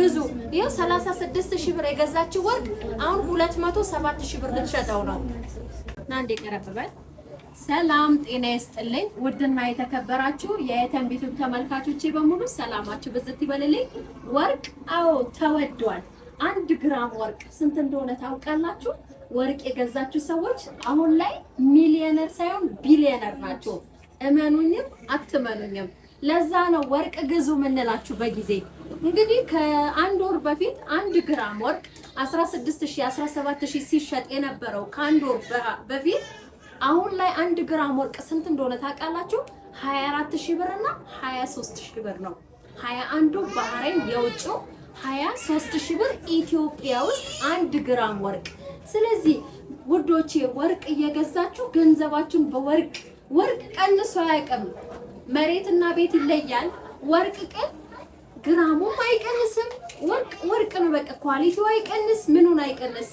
ግዙ። ይኸው 36 ሺህ ብር የገዛችው ወርቅ አሁን 207 ሺህ ብር ልትሸጠው ነው። እና እንዴ ቀረብበል። ሰላም ጤና ይስጥልኝ። ውድና የተከበራችሁ የየተን ቤቱ ተመልካቾች በሙሉ ሰላማችሁ ብዝት ይበልልኝ። ወርቅ አዎ ተወዷል። አንድ ግራም ወርቅ ስንት እንደሆነ ታውቃላችሁ? ወርቅ የገዛችሁ ሰዎች አሁን ላይ ሚሊዮነር ሳይሆን ቢሊዮነር ናቸው። እመኑኝም አትመኑኝም። ለዛ ነው ወርቅ ግዙ የምንላችሁ በጊዜ እንግዲህ ከአንድ ወር በፊት አንድ ግራም ወርቅ 16000፣ 17000 ሲሸጥ የነበረው ከአንድ ወር በፊት አሁን ላይ አንድ ግራም ወርቅ ስንት እንደሆነ ታውቃላችሁ? 24000 ብር እና 23000 ብር ነው። 21ዱ ባህሬን የውጭው 23000 ብር ኢትዮጵያ ውስጥ አንድ ግራም ወርቅ። ስለዚህ ውዶቼ ወርቅ እየገዛችሁ ገንዘባችሁን በወርቅ ወርቅ ቀንሶ አያውቅም። መሬትና ቤት ይለያል። ወርቅ ቅን ግራሙም አይቀንስም። ወርቅ ወርቅ ነው በቃ ኳሊቲው አይቀንስ፣ ምኑን አይቀንስ።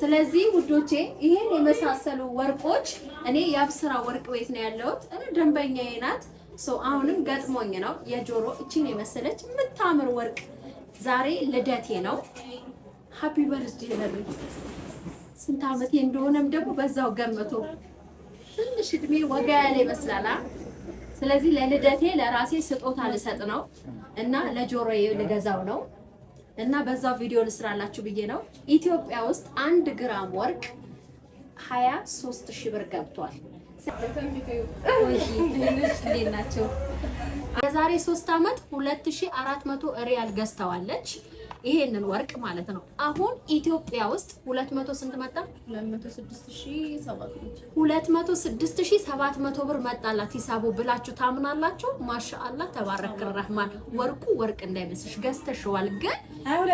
ስለዚህ ውዶቼ ይሄን የመሳሰሉ ወርቆች እኔ የአብስራ ወርቅ ቤት ነው ያለሁት። እኔ ደንበኛዬ ናት። አሁንም ገጥሞኝ ነው የጆሮ እቺን የመሰለች የምታምር ወርቅ። ዛሬ ልደቴ ነው። ሃፒ በርዝዴ በሉኝ። ስንት ዓመቴ እንደሆነም ደግሞ በዛው ገምቶ ትንሽ እድሜ ወጋ ያለ ይመስላል። ስለዚህ ለልደቴ ለራሴ ስጦታ ልሰጥ ነው እና ለጆሮዬ ልገዛው ነው እና በዛው ቪዲዮ ልስራላችሁ ብዬ ነው። ኢትዮጵያ ውስጥ አንድ ግራም ወርቅ 23 ሺህ ብር ገብቷል። የዛሬ 3 ዓመት 2400 ሪያል ገዝተዋለች። ይሄንን ወርቅ ማለት ነው። አሁን ኢትዮጵያ ውስጥ 200 ስንት መጣ? 26700 ብር መጣላት ሂሳቡ ብላችሁ ታምናላችሁ? ማሻአላ ተባረክ ረህማን። ወርቁ ወርቅ እንዳይመስልሽ ገዝተሽዋል። ግን አሁን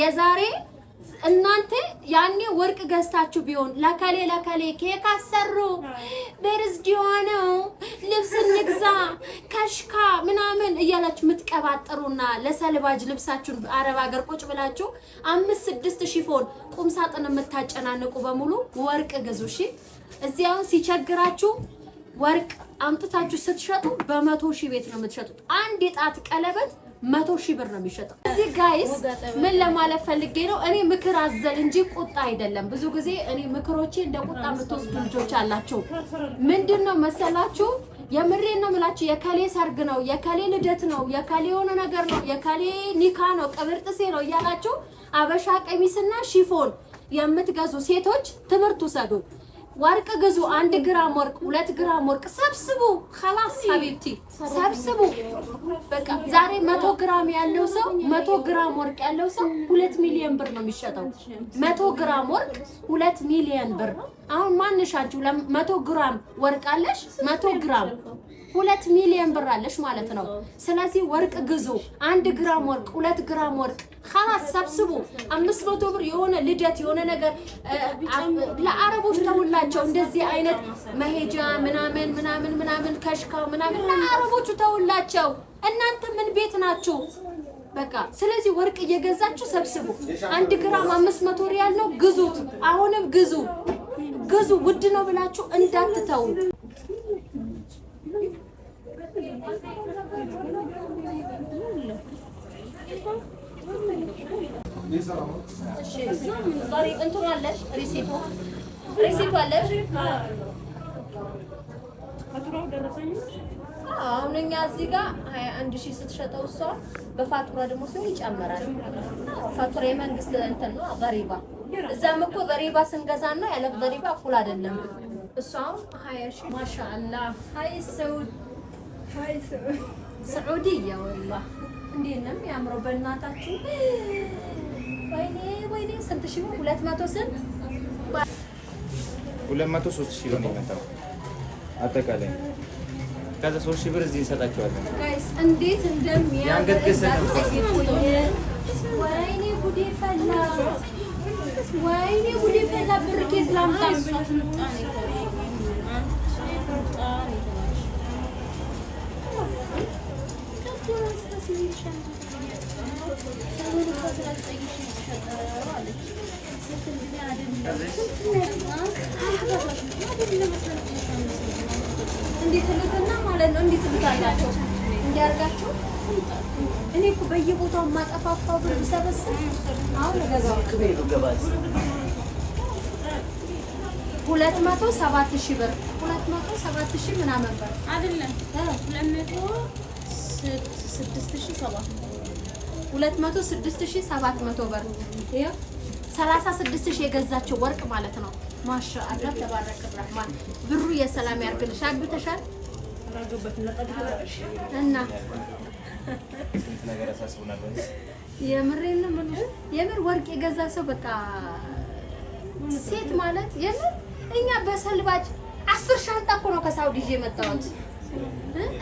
የዛሬ እናንተ ያኔ ወርቅ ገዝታችሁ ቢሆን ለከሌ ለከሌ ኬክ አሰሩ፣ በርዝድ የሆነው ልብስ እንግዛ፣ ከሽካ ምናምን እያላችሁ የምትቀባጥሩና ለሰልባጅ ልብሳችሁን አረብ ሀገር ቁጭ ብላችሁ አምስት ስድስት ሺፎን ቁም ሳጥን የምታጨናንቁ በሙሉ ወርቅ ግዙ። እሺ እዚያውን ሲቸግራችሁ ወርቅ አምጥታችሁ ስትሸጡ በመቶ ሺህ ቤት ነው የምትሸጡት። አንድ የጣት ቀለበት መቶ ሺህ ብር ነው የሚሸጠው። እዚህ ጋይስ ምን ለማለት ፈልጌ ነው፣ እኔ ምክር አዘል እንጂ ቁጣ አይደለም። ብዙ ጊዜ እኔ ምክሮቼ እንደ ቁጣ የምትወስዱ ልጆች አላችሁ። ምንድን ነው መሰላችሁ የምሬ ነው የምላችሁ። የከሌ ሰርግ ነው፣ የከሌ ልደት ነው፣ የከሌ የሆነ ነገር ነው፣ የከሌ ኒካ ነው፣ ቅብር ጥሴ ነው እያላችሁ አበሻ ቀሚስና ሺፎን የምትገዙ ሴቶች ትምህርት ውሰዱ። ወርቅ ግዙ። አንድ ግራም ወርቅ፣ ሁለት ግራም ወርቅ ሰብስቡ። ኸላስ ሀቢብቲ ሰብስቡ። በቃ ዛሬ መቶ ግራም ያለው ሰው መቶ ግራም ወርቅ ያለው ሰው ሁለት ሚሊዮን ብር ነው የሚሸጠው። መቶ ግራም ወርቅ ሁለት ሚሊዮን ብር። አሁን ማንሻችሁ መቶ ግራም ወርቅ አለሽ፣ መቶ ግራም ሁለት ሚሊዮን ብር አለሽ ማለት ነው። ስለዚህ ወርቅ ግዙ። አንድ ግራም ወርቅ፣ ሁለት ግራም ወርቅ ከላስ ሰብስቡ አምስት መቶ ብር የሆነ ልደት የሆነ ነገር ለአረቦች ተውላቸው። እንደዚህ አይነት መሄጃ ምናምን ምናምን ምናምን ከሽካው ምናምን ለአረቦቹ ተውላቸው። እናንተ ምን ቤት ናችሁ? በቃ ስለዚህ ወርቅ እየገዛችሁ ሰብስቡ። አንድ ግራም አምስት መቶ ሪያል ነው፣ ግዙት። አሁንም ግዙ ግዙ። ውድ ነው ብላችሁ እንዳትተው። እንትን አለሽ ሪሴቶ ሪሴቶ አለሽ። አሁን እኛ እዚህ ጋር ሀያ አንድ ሺህ ስትሸጠው እሷ በፋቱራ ደግሞ ሲሆን ይጨምራል። ፋቱራ የመንግስት እንትን ነው በሪባ እዛም እኮ በሪባ ስንገዛ ነው ያለ በሪባ እኩል አይደለም። እሷም አሁን ሀያ ሺህ ማሻአላ ሀይ ሰውድ ሀይ ሰውድ እንዴት ነው የሚያምረው በእናታችን ወይኔ ወይኔ ስንት ሺህ ብር? ሁለት መቶ ስንት? ሁለት መቶ ሺህ ነው የመጣው አጠቃላይ። ከዛ ሺህ ብር እዚህ እንሰጣቸዋለን። እንዴት ጉዴ ፈላ፣ ወይኔ ጉዴ ፈላ። ላምጣ Thank you. እኔ እኮ በየቦታው የማጠፋፋው ብር ብሰበስብ አሁን ሁለት መቶ ሰባት ሺህ ብር ሁለት መቶ ሰባት ሺህ ምናምን ብር አይደለም ሁለት መቶ ስድስት ሺህ ሰባት 26700 ብር ይሄ 36000 የገዛችው ወርቅ ማለት ነው። ማሻአላህ ተባረከ ረህማን ብሩ የሰላም ያርግልሽ። አግብተሻል እና የምሬን የምር ወርቅ የገዛ ሰው በቃ ሴት ማለት የምር እኛ በሰልባጅ አስር ሻንጣ እኮ ነው ከሳውዲ ይዤ የመጣሁት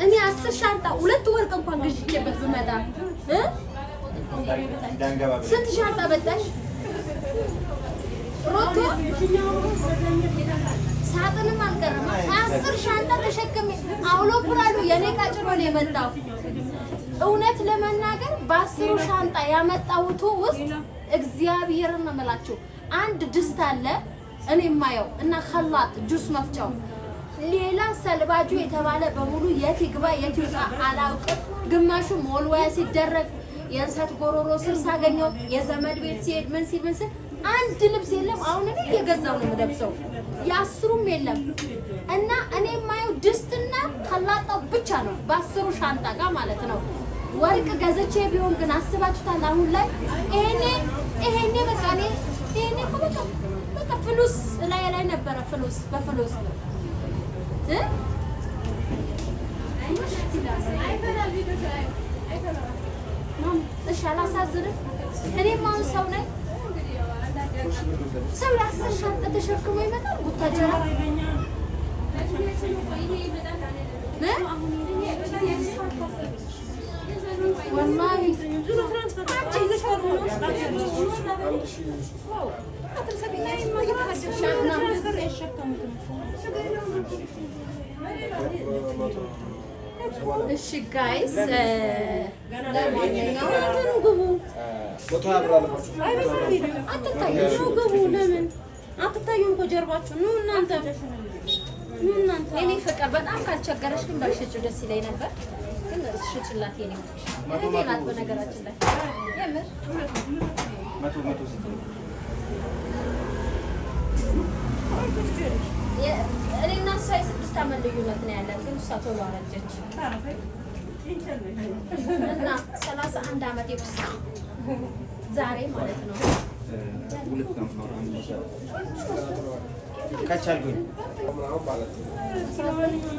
እኔ አስር ሻንጣ ሁለት ወርቅ እንኳን ግዥቼበት ብመጣ ስንት ሻንጣ አመጣሽ? ሮቶ ሳጥንም አልቀረም። አስር ሻንጣ ተሸክሜ አውሎፕላኑ የኔ ዕቃ ነው የመጣው። እውነት ለመናገር በአስሩ ሻንጣ ያመጣሁት ውስጥ እግዚአብሔርን ነው የምላችሁ አንድ ድስት አለ እኔ የማየው እና ከላጥ ጁስ መፍጫው፣ ሌላ ሰልባጁ የተባለ በሙሉ የት ይግባ የት ይውጣ አላውቅም። ግማሹ ሞልወያ ሲደረግ የእንሰት ጎሮሮ ስር ሳገኘው የዘመድ ቤት ሲሄድ ምን ሲል ምን ሲል አንድ ልብስ የለም። አሁን እኔ እየገዛሁ ነው የምለብሰው፣ የአስሩም የለም እና እኔ የማየው ድስትና ከላጣው ብቻ ነው በአስሩ ሻንጣ ጋር ማለት ነው። ወርቅ ገዝቼ ቢሆን ግን አስባችሁታል? አሁን ላይ ይሄኔ ይሄኔ በቃ እኔ ይሄኔ በቃ በቃ ፍሉስ ላይ ላይ ነበረ ፍሉስ በፍሉስ እ هم انشالله سازرف هني ما نسونا سوي عسل شنطة تشركم يمدى والتجارة والله شعبنا እሺ ጋይስ፣ ለማንኛውም ግቡ፣ አትታዩ፣ ግቡ። ለምን አትታዩም እኮ ጀርባችሁ? ኑ እናንተ፣ ኑ እናንተ። እኔ ፍቅር በጣም ካልቸገረሽ ግን ባልሽጭው ደስ ይለኝ ነበር፣ ግን ሽጭላት። የኔ ናት በነገራችን ላይ የምር መቶ መቶ እኔና እሷ የስድስት ዓመት ልዩነት ነው ያላት፣ ግን እሷ ቶሎ አረጀች እና ሰላሳ አንድ ዓመት የውስጥ ዛሬ ማለት ነው። ከች አልኩኝ። ትንሽ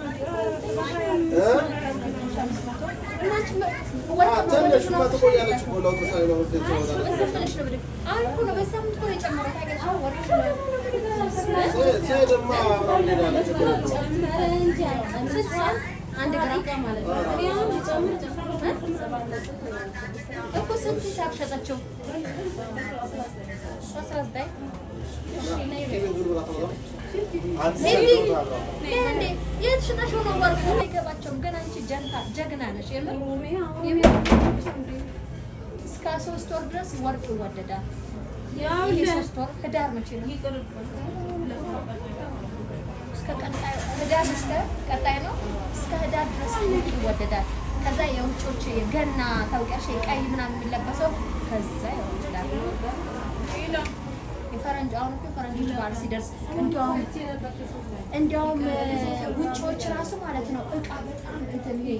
አንድ ግራም ማለት ነው። እኮ ስንት ነው ወርቁ። አይገባቸውም። ግን አንቺ ጀግና ነሽ። እስከ ሶስት ወር ድረስ ወርቅ ይወደዳል። ሶስት ወር ህዳር መቼ ነው? እስከ ቀጣይ ህዳር እስከ ቀጣይ ነው እስከ ህዳር ድረስ ይወደዳል። ከዛ የውጮች ገና ታውቂያለሽ፣ ቀይ ምናምን የሚለበሰው ከዛ ይወደዳል። የፈረንጅ አሁን እኮ የፈረንጆች በዓል ሲደርስ እንዲያውም እንዲያውም ውጪዎች ራሱ ማለት ነው እቃ በጣም እንትን ይሄ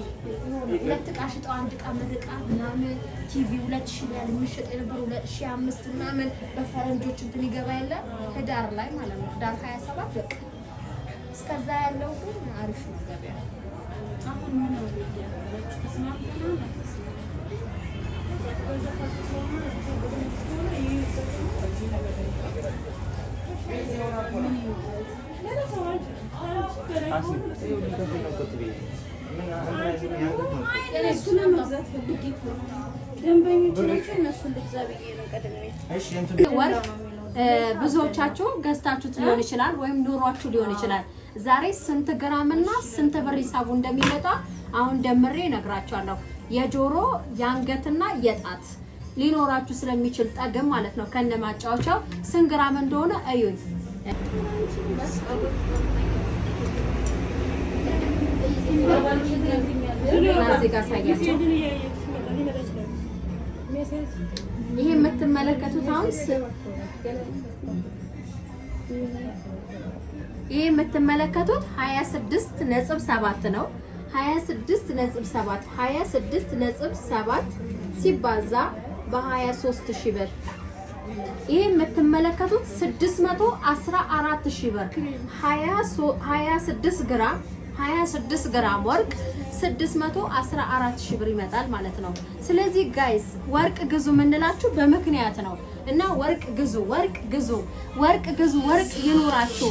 ሁለት እቃ ሽጠው አንድ እቃ መርቃ ምናምን ቲቪ ሁለት ሺ ያህል የሚሸጥ የነበረ ሁለት ሺ አምስት ምናምን በፈረንጆች እንትን ይገባ የለ ህዳር ላይ ማለት ነው ህዳር ሀያ ሰባት በቃ እስከዛ ያለው ግን አሪፍ ነው ገበያ። ብዙዎቻችሁ ገዝታችሁት ሊሆን ይችላል ወይም ኑሯችሁ ሊሆን ይችላል። ዛሬ ስንት ግራምና ስንት ብር ሂሳቡ እንደሚመጣ አሁን ደምሬ እነግራችኋለሁ። የጆሮ የአንገትና የጣት ሊኖራችሁ ስለሚችል ጠግም ማለት ነው። ከነ ማጫወቻው ስንት ግራም እንደሆነ እዩኝ። ይሄ የምትመለከቱት አሁን ይህ የምትመለከቱት 7 ነው። ነጥብ 7 ሲባዛ በ23 ሺህ ብር ይህ የምትመለከቱት 614 ሺህ ብር 26 ግራም 26 ግራም ወርቅ 614 ሺህ ብር ይመጣል ማለት ነው። ስለዚህ ጋይስ ወርቅ ግዙ የምንላችሁ በምክንያት ነው እና ወርቅ ግዙ፣ ወርቅ ግዙ፣ ወርቅ ግዙ፣ ወርቅ ይኖራችሁ።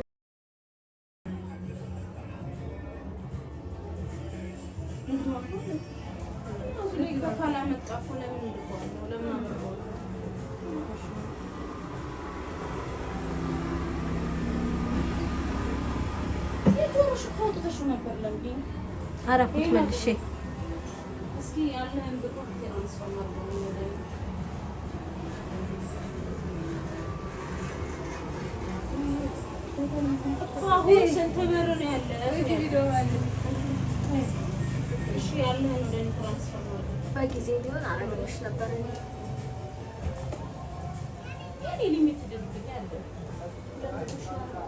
አረኩት መልሼ እስኪ ያለህን ብቁት ያስፈማል አሁን ስንት ብር ነው ያለ? ያለህን ወደ ትራንስፈር በጊዜ ቢሆን አረግሽ ነበር። ሊሚት ድርግ ያለ